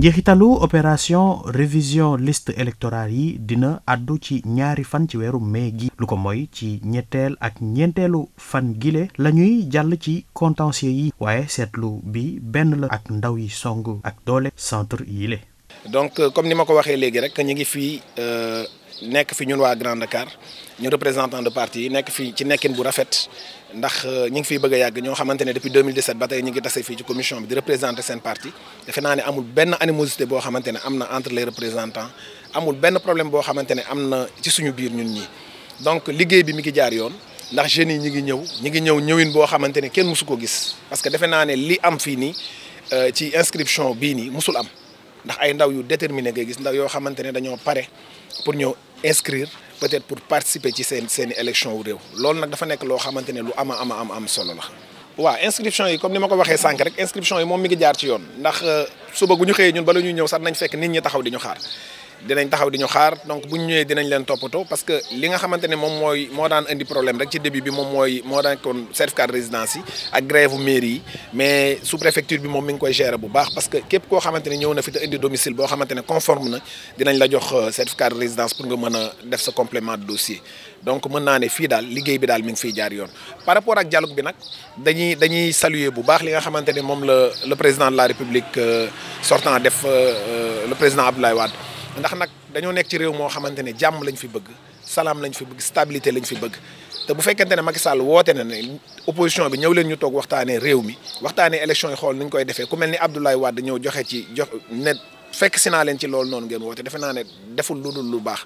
njeexitalu opération révision liste électorale yi dina àddu ci ñaari fan ci weeru mai gi lu ko mooy ci ñetteel ak ñeenteelu fan gile la ñuy jàll ci contentieux yi waaye seetlu bi benn la ak ndaw yi song ak doole centre yile donc euh, comme ni ma ko waxee léegi rek ñu ngi fii euh, nekk fi ñun waa Grand Dakar ñu représentant de parti yi nekk fi ci nekkin bu rafet ndax euh, ñu ngi fiy bëgg a yàgg ñoo xamante ne depuis 2017 ba tey ñu ngi tase fii ci commission bi di représenter seen parti defe naa ne amul benn animosité boo xamante am na entre les représentants amul benn problème boo xamante ne am na ci suñu biir ñun ñi donc liggéey bi mi ngi jaar yoon ndax jeunes yi ñi ngi ñëw ñi ngi ñëw ñëwin boo xamante ne kenn mësu ko gis parce que defe naa li am fii nii euh, ci inscription bii nii mësul am ndax ay ndaw yu déterminé ngay gis ndaw yoo xamante ne dañoo pare pour ñëw inscrire peut-être pour participer ci seen seen élection wu réew loolu nag dafa nekk loo xamante ne lu ama ama am am solo la waaw inscription yi comme ni ma ko waxee sànq rek inscription yi moom mi ngi jaar ci yoon ndax euh, suba gu ñu xëyee ñun bala ñuy ñëw sax nañ fekk nit ñi taxaw di ñu xaar dinañ taxaw di ñu xaar donc bu ñu ñëwee dinañ leen toppatoo parce que li nga xamante ne moom mooy moo daan indi problème rek ci bi moom mooy moo daan kon certificat de yi mais sous préfecture bi moom mi ngi koy gérer bu baax parce que képp koo xamante ne ñëw fi te indi domicile boo ne conforme na dinañ la jox euh, certificat de pour nga mën a def sa complément de dossier donc ne fii daal liggéey bi daal mi ngi fiy jaar yoon par rapport ak dialogue bi nag dañuy dañuy saluer bu baax li nga xamante ne moom la le président de la république euh, sortant def euh, le président Abdoulaye waat ndax nag dañoo nekk ci réew moo xamante ne jàmm lañ fi bëgg salaam lañ fi bëgg stabilité lañu fi bëgg te bu fekkente ne Macky Sall woote na ne opposition bi ñëw leen ñu toog waxtaanee réew mi waxtaanee élection yi xool nu ñu koy defee ku mel ni Abdoulaye Wade ñëw joxe ci jox ne fekk si naa leen ci loolu noonu ngeen woote defe naa ne deful lu dul lu baax.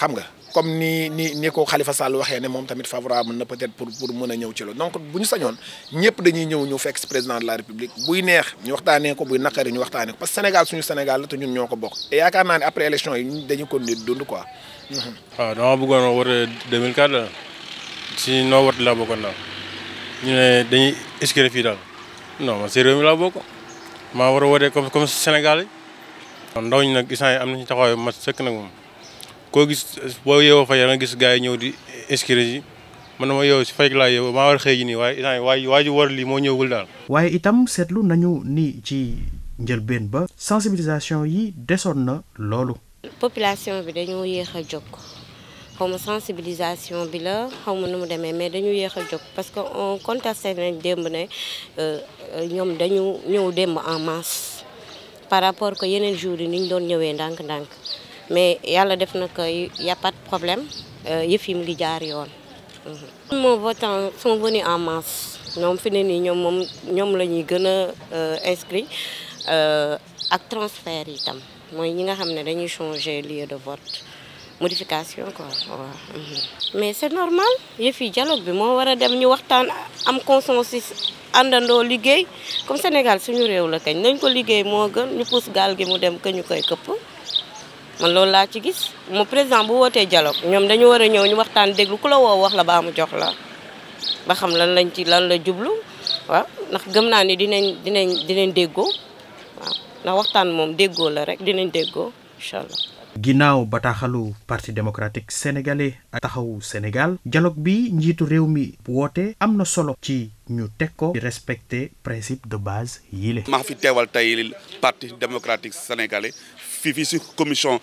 xam nga comme nii nii nii ko xalifa Khalifa Sall waxee ne moom tamit favorable na peut-être pour pour a ñëw ci loolu donc bu ñu sañoon ñëpp dañuy ñëw ñu fekk si président de la république buy neex ñu ko buy naqari ñu waxtaanee ko parce que Sénégal ñoo ko bokk te yaakaar naa ne après élection yi dañu ko nit dund quoi. waaw mhm. ah, dama la ah. si noo ah. ñu ne dañuy inscrire fii daal non man si réew mi laa bokk maa war a wote comme comme Sénégal yi. ndaw ñi nag gis am na nañu taxawaay mat sëkk nag moom. koo gis boo yeewoo fajar nga gis gars yi ñëw di inscrire yi man dama yeewu si faj laa yeewu maa war xëy ji nii waaye lii moo ñëwul daal. waaye itam seetlu nañu ni ci njëlbeen ba. sensibilisation yi desoon na loolu. population bi dañoo yéex a jóg xaw ma sensibilisation bi la xaw ma nu mu demee mais dañu yéex a jóg parce que on contesté nañ démb ne euh, ñoom dañu ñëw démb en masse par rapport que yeneen jours yi ni ñu doon ñëwee ndànk-ndànk. mais yàlla def na que y' problème euh, yëf yi mu ngi jaar yoon. Mhm. moom votants sont venus en masse ñoom fi ne nii ñoom moom ñoom la ñuy gën a euh, inscrit euh, ak transfert yi tam mooy ñi nga xam ne dañuy changer lieu de vote modification quoi waaw. Mhm. mais c' est normal yëf yi bi moo war a dem ñu waxtaan am consensus àndandoo liggéey comme Sénégal suñu réew la kañ nañ ko liggéey moo gën ñu pousse gaal gi mu dem que ñu koy këpp. man loolu laa ci gis mu président bu wootee dialogue ñoom dañu war a ñëw ñu waxtaan déglu ku la woo wax la baa mu jox la ba xam lan lañ ci lan la jublu waaw ndax gëm naa ni dinañ dinañ dinañ déggoo waaw ndax waxtaan moom déggoo la rek dinañ déggoo incha allah ginnaaw bataaxalu parti démocratique sénégalais ak taxawu Sénégal dialogue bi njiitu réew mi woote am na solo ci ñu teg ko di respecter principe de base yii la. maa fi teewal tey parti démocratique sénégalais fii fii si commission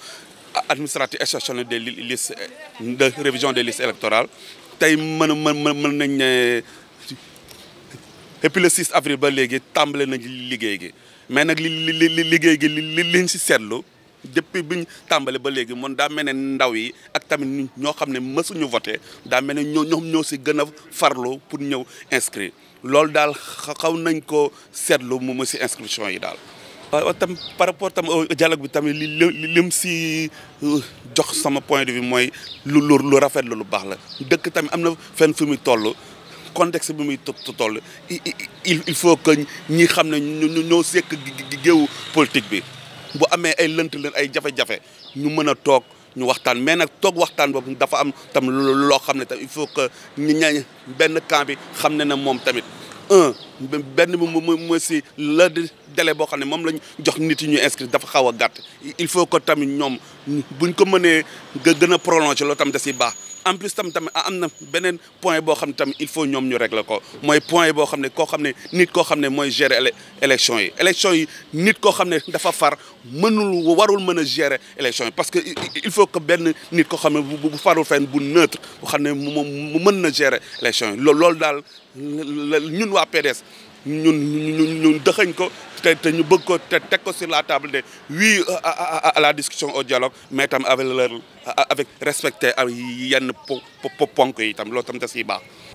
administrative exceptionnelle des listes de révision des listes électorales tey mën mën mën nañ ne depuis le 6 avril ba léegi tàmbale nañ liggéey gi mais nag li li liggéey gi li liñ si seetlu. depuis bi ñu tàmbale ba léegi moom daa meneen ndaw yi ak tamit ñoo xam ne mësuñu voté daa mel ne ñoo ñoom ñoo si gën a farlu pour ñëw inscrit loolu daal xaw nañ ko seetlu mu si inscription yi daal. waaw tam par rapport tam au bi tamit li lim si euh, jox sama point de vue mooy lu lu lu rafet la lu baax la dëkk tamit am na fenn fu muy toll. contexte bi muy toll il faut que ñii xam ne ñoo sekk géewu politique bi bu amee ay lënt leen ay jafe-jafe ñu mën a toog ñu waxtaan mais nag toog waxtaan boobu dafa am tam loo xam ne tam il faut que ñu ñañ benn camp bi xam ne na moom tamit un benn bi mu si la délai boo xam ne moom lañ jox nit yi ñu inscrit dafa xaw a gàtt il faut que tamit ñoom buñ ko mënee gën a prolonger loolu tamit da si baax en plus tam tam am na beneen point boo xam ne tam il faut ñoom ñu régler ko mooy point boo xam ne koo xam ne nit koo xam ne mooy gérer élection yi élection yi nit koo xam ne dafa far mënul warul mën a gérer élection yi parce que il faut que benn nit koo xam ne bu farul fenn bu neutre bu xam ne moom mën na gérer élection yi loolu daal ñun waa PDS ñun ñun dëxañ ko te te ñu bëgg ko te teg ko sur la table de oui euh, à la discussion au dialogue mais tam avec leur avec respecter yenn po ponk yi tam loolu tam da siy